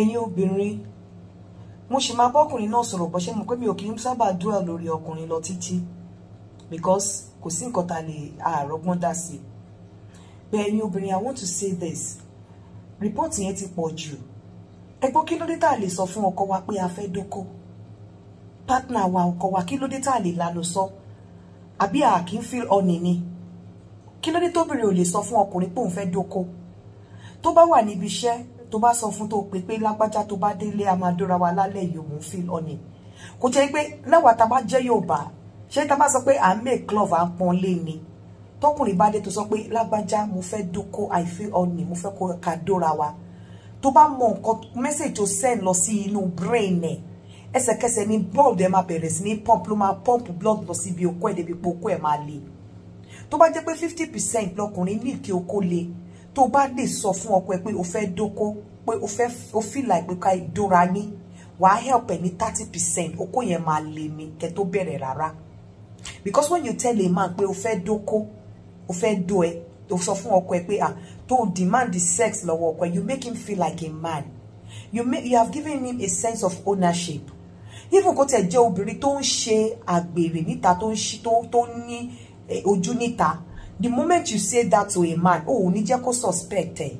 ẹ̀yin obìnrin mo sì máa bọ́kùnrin náà sọ̀rọ̀ bọ́ ṣe mọ̀ pé mi ò kì í sábà dúrà lórí ọkùnrin lọ títí because kò sí nǹkan tá lè àrọ́gbọ́n dá sí but ẹ̀yin obìnrin I want to say this report yẹn ti pọ̀ jù ẹgbọ́n kí ló dé tá a lè sọ fún ọkọ wa pé a fẹ́ dóko pátánà wa ọkọ wa kí ló dé tá a lè lálò sọ àbí a kì í feel honey ni kí ló dé tóbìnrin ò lè sọ fún ọkùnrin pé òun fẹ́ dóko tó bá wà níbi iṣẹ́ tó bá sọ fún tó pé pé lágbájá tó bá délé a máa dóra wa lálẹ́ yìí òun feel kò jẹ́ pé láwa tá bá jẹ́ Yorùbá ṣé tá bá sọ pé à ń make love à ń pọn lé ni tọkùnrin bá dé tó sọ pé lágbájá mo fẹ́ dóko I feel honey mo fẹ́ kó ka dóra wa tó bá mọ nǹkan message tó send lọ sí inú brain ẹ̀ ẹsẹ̀kẹsẹ̀ ni blood ẹ máa bẹ̀rẹ̀ sí ní pump ló máa pump blood lọ síbi okó ẹ̀ débi pé okó ẹ̀ máa le tó bá jẹ́ pé fifty percent lọkùnrin ní ìkí okó le tó bá lè sọ fún ọkọ ẹ pé o fẹ́ dóko pé o fẹ́ o fìlà ìgbéka ìdóra ní wàá help ẹ ní thirty percent okó yẹn máa lè ní kẹ tó bẹ̀rẹ̀ rárá because when you tell a man pé o fẹ́ dóko o fẹ́ dó ẹ o sọ fún ọkọ ẹ pé ah To demand the sex lọ́wọ́ ọkọ ẹ you make him feel like a man you make you have given him a sense of ownership even kó tẹ̀ jẹ́ obìnrin tó ń ṣe àgbèrè níta tó ń ṣí tó tó ní eh, ojú níta the moment you say that to a man oh, ò ní jẹ́ kó suspect eh?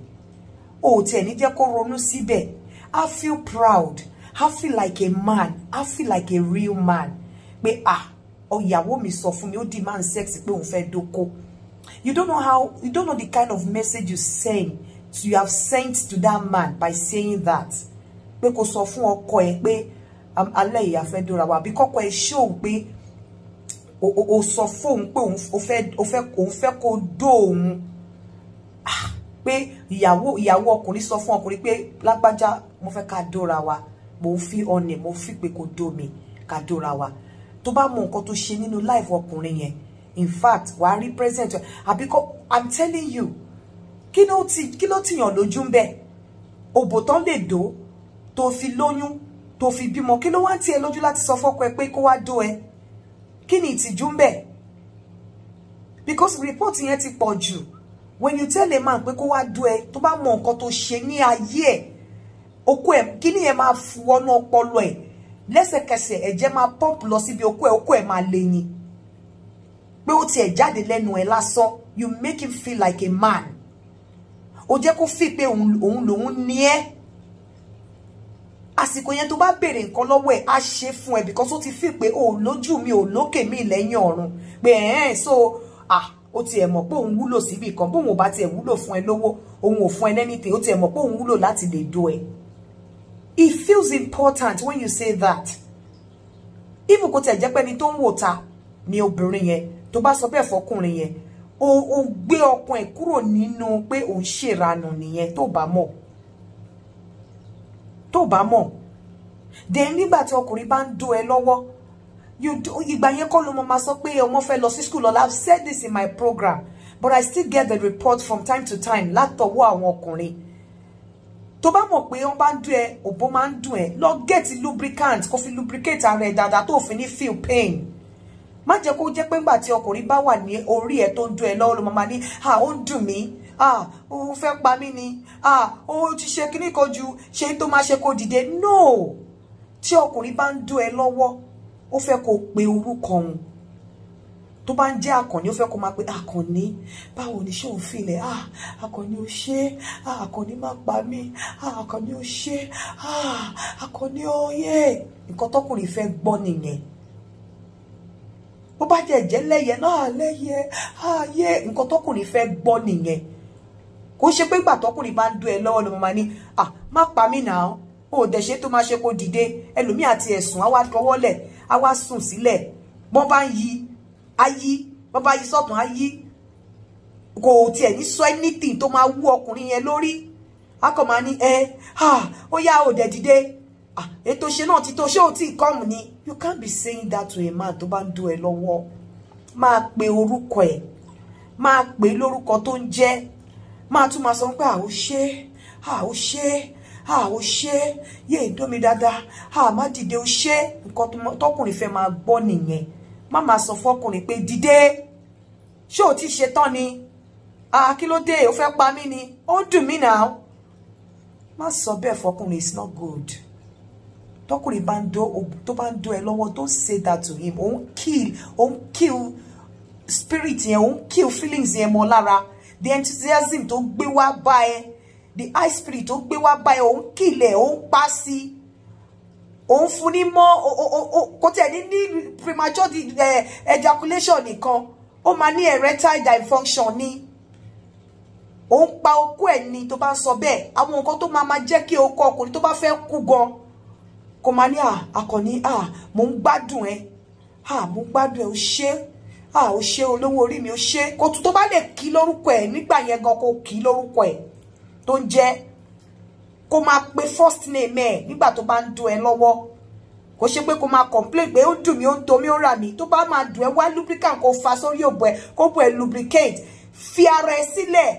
Oh, ò tiẹ̀ ní jẹ́ kó sibe. I feel proud I feel like a man I feel like a real man pé ah ọ̀yàwó mi sọ fún mi ó demand sex pé òun fẹ́ dóko you don't know how you don't know the kind of message you send so you have sent to that man by saying that pé kó sọ fún ọkọ ẹ pé alẹ́ ìyá fẹ́ dóra wa àbí kọ́kọ́ ẹ ṣóò pé o sọ fóun pé òun fẹ́ kó dó òun ah, pé ìyàwó ìyàwó ọkùnrin sọ fún ọkùnrin pé lágbájá mo fẹ́ ká dóra wa mo fi ọ̀nẹ̀ mo fi pé kó dó mi ká dóra wa tó bá mọ nǹkan tó ṣe nínú life ọkùnrin yẹn in fact wà á rí present àbíkọ́ i'm telling you kí ló ti kí ló ti yàn lójú ń bẹ òbò tán lè dó tó fi lóyún tó fi bímọ kí ló wá ń tiẹ̀ lójú láti sọ fọ́kọ ẹ pé kó wá dó ẹ. Kini ni ìtìjú because report yẹn ti pọ̀ when you tell a man pé kó wá dú ẹ tó bá mọ nǹkan tó ṣe ní ayé ẹ̀ okó ẹ̀ kí ni yẹn máa fu ọ̀nà ọpọlọ ẹ̀ lẹ́sẹ̀kẹsẹ̀ ẹ̀jẹ̀ máa pump lọ síbi okó ẹ̀ okó ẹ̀ máa le ni pé ó tiẹ̀ jáde lẹ́nu ẹ̀ lásán you make him feel like a man ó jẹ́ kó fi pé òun lòun ní ẹ́ àsìkò yẹn tó bá béèrè nǹkan lọ́wọ́ ẹ̀ á ṣe fún ẹ because ó ti fi pé o oh, lójú mi ò lókè mi lẹ́yìn ọ̀run pé ẹ̀ẹ́n so ah ó ti ẹ̀ mọ̀ pé òun wúlò síbi kan bóun ò bá tiẹ̀ wúlò fún ẹ lówó òun ò fún ẹ lẹ́nìtì ó ti ẹ̀ mọ̀ pé òun wúlò láti lè do ẹ. it feels important when you say that even kò tẹ̀ jẹ́ pé ẹni tó ń wò ta ni obìnrin yẹn tó bá sọ bẹ́ẹ̀ fọkùnrin yẹn o gbé ọkàn ẹ̀ kúrò nínú pé òun ṣèrànù nìyẹn tó bá mọ̀ tó bá mọ̀ dẹ̀ nígbà tí ọkùnrin bá ń dó ẹ lọ́wọ́ ìgbà yẹn kọ́ ló mo máa sọ pé ọmọ fẹ́ lọ sí school ọ̀la I've said this in my program but I still get the report from time to time látọwọ́ àwọn ọkùnrin tó bá mọ̀ pé wọ́n bá ń dún ẹ òbó máa ń dùn ẹ lọ get lubricant kó fi lubricate ara ẹ dáadáa tó fi ní feel pain má jẹ́ kó jẹ́ pé ńgbà tí ọkùnrin bá wà ní orí ẹ tó ń dún ẹ lọ́wọ́ ló máa ní à ó ń dùn mí ah ó fẹ́ pa mí ni ah ó ti ṣe kíní kan ju ṣe tó máa ṣe kó dìde no tí ọkùnrin bá ń dún ẹ lọ́wọ́ ó fẹ́ kó pe orúkọ òun To bá ń jẹ́ àkànní ó fẹ́ kó máa pe àkànní báwo ni ṣé òun filẹ̀ ah àkànní ó ṣe ah àkànní má pa mí ah àkànní ó ṣe ah àkànní ó yẹ nǹkan tọkùnrin fẹ́ gbọ́ nìyẹn bó bá jẹ́ jẹ́ lẹ́yẹ náà lẹ́yẹ ààyè nǹkan tọkùnrin fẹ́ gbọ́ nìyẹn kò ṣe pé ìgbà tọkùnrin bá ń dún ẹ lọ́wọ́ ló máa ní à má pa mí nà án o ò dẹ̀ṣe tó máa ṣe kó dìde ẹlòmíì àti ẹ̀sùn á wá tọwọ́lẹ̀ á wá sùn sílẹ̀ bọ́n bá ń yí á yí bọ́n bá yí sọ́tún á yí kò tiẹ̀ ní sọ anything tó máa wú ọkùnrin yẹn lórí á kàn máa ní ẹ ó yá o dẹ̀ Ah, ètò ṣe náà ti tó ṣé o ti kọ́mù ni you can't be saying that to a man tó bá ń dún ẹ lọ́wọ́ máa pe orúkọ ẹ̀ máa pè lórúkọ tó ń máa tún máa sọ pé à ó ṣe à ó ṣe à ó ṣe yé ìdómi dáadáa à má dìde ó ṣe nǹkan tọkùnrin fẹ́ máa gbọ́ nìyẹn má máa sọ fọkùnrin pé dìde ṣé ò ti ṣe tán ni kí ló dé ó fẹ́ pa mí ni ó dùn mí náà má sọ bẹ́ẹ̀ fọkùnrin it's not good tọkùnrin bá ń dó tó bá ń dó ẹ lọ́wọ́ don't say that to him òun kill òun kill spirit yẹn òun kill feelings yẹn mọ́ lára the enthusiasm tó gbé wá bá ẹ the high spirit tó gbé wá bá ẹ òun kìlẹ̀ òun pa sí òun fún ní mọ́ kò tẹ̀ ní ní premature ejaculation nìkan ó máa ní erectile dysfunction ni ó ń pa okó ẹ̀ ni tó bá ń sọ bẹ́ẹ̀ àwọn nǹkan tó máa máa jẹ́ kí okó ọkùnrin tó bá fẹ́ kú gan kò máa ní à àkànní à mò ń gbádùn ẹ à mò ń gbádùn ẹ ò ṣe é ah o ṣe olówó orí mi o ṣe kó tó bá lè kí lórúkọ ẹ nígbà yẹn gan kó kí lórúkọ ẹ tó ń jẹ kó pe first name ẹ nígbà tó bá ń dún ẹ lọ́wọ́ kò ṣe pé kó máa complain pé ó dùn mí ó ń to o ó rà mí tó bá máa dùn ẹ wá lubricant kó fa sórí òbò ẹ kó bò ẹ lubricate fi ara ẹ sílẹ̀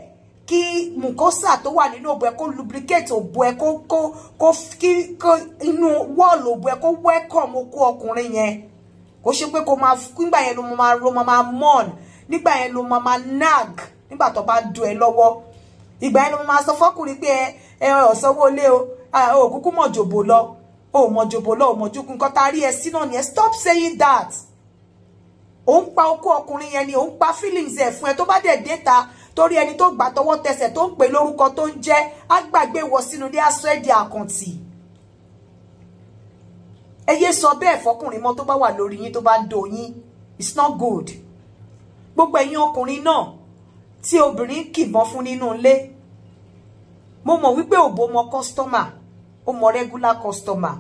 kí mucosa tó wà nínú òbò ẹ kó lubricate òbò ẹ kó kó kó kí inú wọ́ọ̀lù òbò ẹ kó welcome okó ọkùnrin yẹn kò ṣe pé kò máa nígbà yẹn ló máa ro máa mourn nígbà yẹn ló máa nag nígbà tó bá du ẹ lọ́wọ́ ìgbà yẹn ló máa sọ fọ́kùnrin pé ẹ ẹ ọ̀sánwó lé o ò kúkú mọ̀ jòbó lọ ò mọ̀ jòbó lọ ò mọ̀ jókòó nǹkan tá a rí ẹ sí náà nìyẹn stop saying that òun pa okó ọkùnrin yẹn ni òun pa feelings ẹ fún ẹ tó bá dẹ̀ déta torí ẹni tó gbà tọwọ́ tẹsẹ̀ tó ń pè lórúkọ tó ń jẹ́ á gbàgbé wọ sínú dé aṣọ ẹ̀ àkàntì ẹ yé sọ bẹ́ẹ̀ fọkùnrin mọ́ tó bá wà lórí yín tó bá ń do yín it's not good gbogbo ẹ̀yin ọkùnrin náà tí obìnrin kìbọn fún nínú ilé mo mọ̀ wípé òbó mọ kọ́sítọ́mà ó mọ regular customer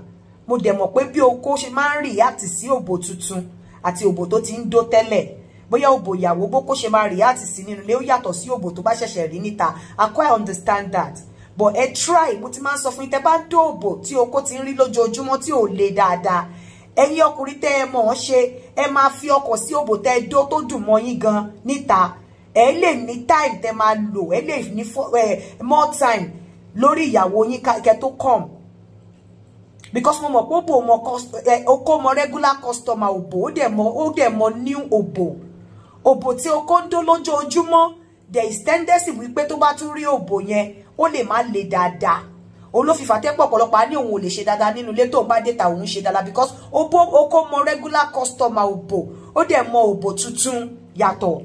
mo dẹ̀ mọ̀ pé bí oko ṣe máa ń react sí òbò tuntun àti òbò tó ti ń dó tẹ́lẹ̀ bóyá òbò ìyàwó bó kó ṣe máa react sí nínú ilé ó yàtọ̀ sí òbò tó bá ṣẹ̀ṣẹ̀ rí níta i quite understand that but ẹ try mo ti máa ń sọ fún yín tẹ́ bá dóòbò tí okó ti ń rí lójoojúmọ́ tí ò le dáadáa ẹ̀yin ọkùnrin tẹ́ ẹ mọ̀ ọ́n ṣe ẹ máa fi ọkọ̀ sí òbò tẹ́ ẹ dó tó dùn mọ́ yín gan níta ẹ lè ní time tẹ́ máa lò ẹ lè ní more time lórí ìyàwó yín kẹ tó come because mo mọ̀ pé òbò mọ okó mọ regular customer òbò ó dẹ̀ mọ ó dẹ̀ mọ new òbò òbò tí okó ń dó lójoojúmọ́ there is tendency wípé tó bá tún rí òbò yẹn ó lè má le dáadáa olófìfà tẹ́pọ̀ ọ̀pọ̀lọpọ̀ á ní òun ò lè ṣe dáadáa nínú ilé tó bá déta òun ṣe dáadáa because ó bó ó kó mọ regular customer òbò ó dẹ̀ mọ òbò tuntun yàtọ̀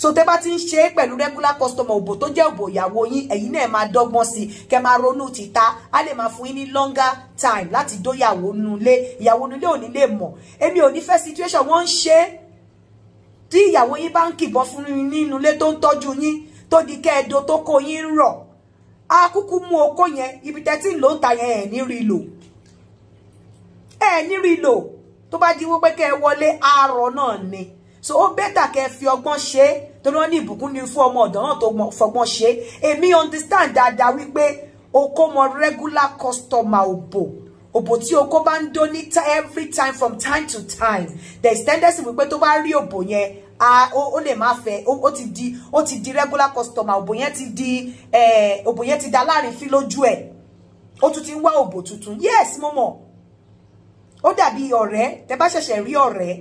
so tẹ́ bá ti ń ṣe pẹ̀lú regular customer òbò tó jẹ́ òbò ìyàwó yín ẹ̀yin náà máa dọ́gbọ́n sí kẹ́ máa ronú títa á lè máa fún yín ní longer time láti dóyàwó nulé ìyàwó nulé ò ní lè mọ̀ èmi ò ní fẹ́ situation wọ́n ń ṣe tí ìyàwó yín bá ń kìbọn fún yín nínú ilé tó ń tọ́jú yín tó di kẹ́ẹ̀dọ́ tó kó yín rọ̀ á kúkú mú okó yẹn ibi tẹ́tí ló ń ta yẹn ẹ̀ ní rí lò ẹ̀ ní rí lò tó bá di wípé kẹ́ wọlé àárọ̀ náà ni so ó bẹ́tà kẹ́ ẹ fi ọgbọ́n ṣe é torí wọ́n ní ìbùkún ni fún ọmọ ọ̀dọ́ náà tó fọgbọ́n ṣe é èmi understand dáadáa wípé okó mọ regular customer òbò òbò tí okó bá ń dó ní every time from time to time the extended sí wípé tó bá rí òbò yẹn a le ma fe o o ti di o ti di regular customer òbò yẹn ti di eh òbò yẹn ti da láàrin fi lójú ẹ̀ o tún ti ń wá òbò yes momo o ó dàbí ọ̀rẹ́ tẹ́ bá ṣẹ̀ṣẹ̀ rí ọ̀rẹ́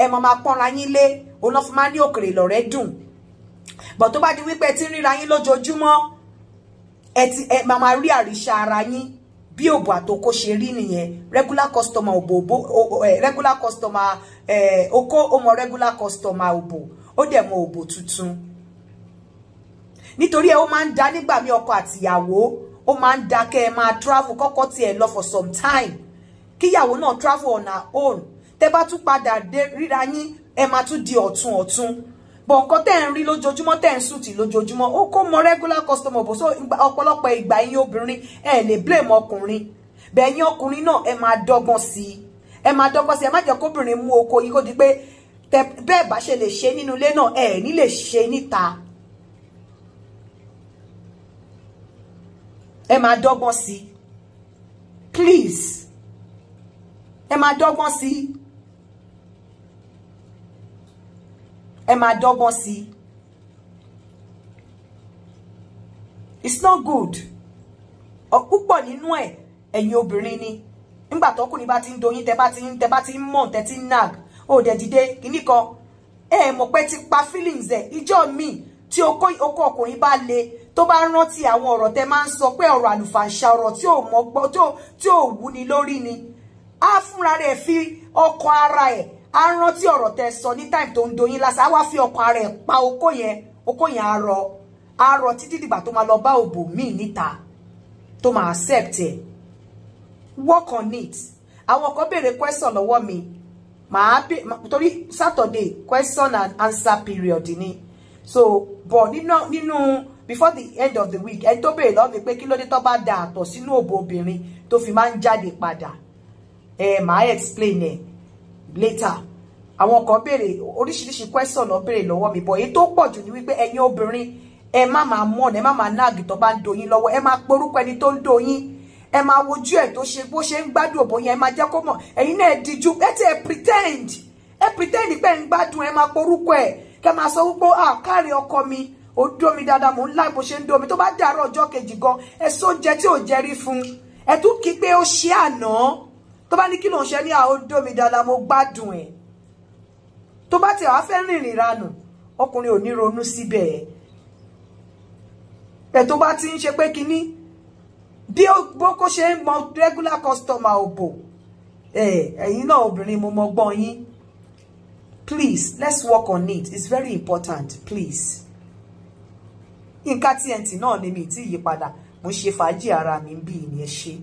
ẹ mọ̀ máa pọ́nra yín lé òun náà fi máa ní òkèrè lọ̀rẹ́ dùn bọ̀ tó di wípé tí ń ríra yín lójoojúmọ́ ẹ ti ẹ máa máa rí ara yín bí òbò àtòkó ṣe rí nìyẹn regular customer òbò òbò eh, regular customer eh, oko ó regular customer òbò ó dẹ̀ mọ òbò tuntun nítorí ẹ ó máa ń da nígbà mí ọkọ àtìyàwó ó máa ń da kẹ́ ẹ máa travel kọ́kọ́ tiẹ̀ lọ for some time kíyàwó náà travel on her own tẹ́ bá tún padà dé ríra yín ẹ máa tún di ọ̀tun ọ̀tun bọ̀ nǹkan tẹ́ ń rí lójoojúmọ́ tẹ́ ń sùtì lójoojúmọ́ ó kó mọ regular customer bò so ọ̀pọ̀lọpọ̀ ìgbà yín obìnrin ẹ lè blame ọkùnrin bẹ̀yìn ọkùnrin náà ẹ máa dọ́gbọ́n sí i ẹ máa dọ́gbọ́n sí i ẹ má jẹ́ kóbìnrin mú oko yìí kó di pé bẹ́ẹ̀ bá ṣe lè ṣe nínú ilé náà ẹ ní lè ṣe níta ẹ máa dọ́gbọ́n sí i please ẹ máa dọ́gbọ́n sí i. ẹ máa dọ́gbọ́n sí it's not good púpọ̀ nínú ẹ̀ ẹ̀yin obìnrin ni nígbà tọkùnrin bá ti ń doyin tẹ bá ti ń tẹ bá ti ń mọ̀ tẹ ti ń nag ó dẹ̀ dìde kìíní kan ẹ mọ̀ pé ti pa feelings ẹ̀ ìjọ míì tí okó ọkùnrin bá le tó bá rántí àwọn ọ̀rọ̀ tẹ máa ń sọ pé ọ̀rọ̀ àlùfàǹṣà ọ̀rọ̀ tí ò mọ́ gbọ́ tí ò wúni lórí ni á fúnra rẹ̀ fi ọkọ̀ ara ẹ̀ á rántí ọ̀rọ̀ tẹ sọ ní time tó ń doyin lásán á wá fi ọkàn ara ẹ̀ pa okó yẹn okó yẹn á rọ á rọ títí dìgbà tó máa lọ bá òbò míì níta accept it. work on it àwọn kan béèrè question lọ́wọ́ mi màá bè torí Saturday question and answer period ni so but nínú nínú before the end of the week ẹni tó béèrè lọ́wọ́ mi pé kí ló dé tó bá da àtọ̀ sínú òbò obìnrin tó fi ma ń jáde padà ẹ màá explain ẹ̀ later àwọn kan béèrè oríṣiríṣi question ló béèrè lọ́wọ́ mi bọ̀ èyí tó pọ̀ jù ni wípé ẹ̀yin obìnrin ẹ má máa mọ̀nà ẹ má máa náàgì tó bá ń doyin lọ́wọ́ ẹ má porúkọ ẹni tó ń doyin ẹ má wojú ẹ̀ tó ṣe bó ṣe ń gbádùn òbò yẹn ẹ má jẹ́ kó mọ̀ ẹ̀yin náà díjú ẹ ti ẹ pretend ẹ pretend pé ń gbádùn ẹ má porúkọ ẹ kẹ má sọ wípé à kárí ọkọ mi ó dómi dáadáa mò ń láì bó ṣe ń dómi tó bá dàárọ̀ ọjọ́ kejì gan ẹ sóúnjẹ tí ò jẹrí fún ẹ tún kí pé ó ṣe àná tó bá ní kí ló ń ṣe ní àwọn domi dáadáa mo gbádùn ẹ̀ tó bá ti wàá fẹ́ rìnrìn ranù ọkùnrin ò ní ronú síbẹ̀ ẹ̀ tó bá ti ń ṣe pé kinní bí boko ṣe ń mọ regular customer òbò ẹ̀yin náà obìnrin mo mọ gbọ́n yín please let's work on it it's very important please nǹkan tí ẹ̀ ń tì náà ni mi ti yí padà mo ṣe fàájì ara mi bí ìyẹn ṣe.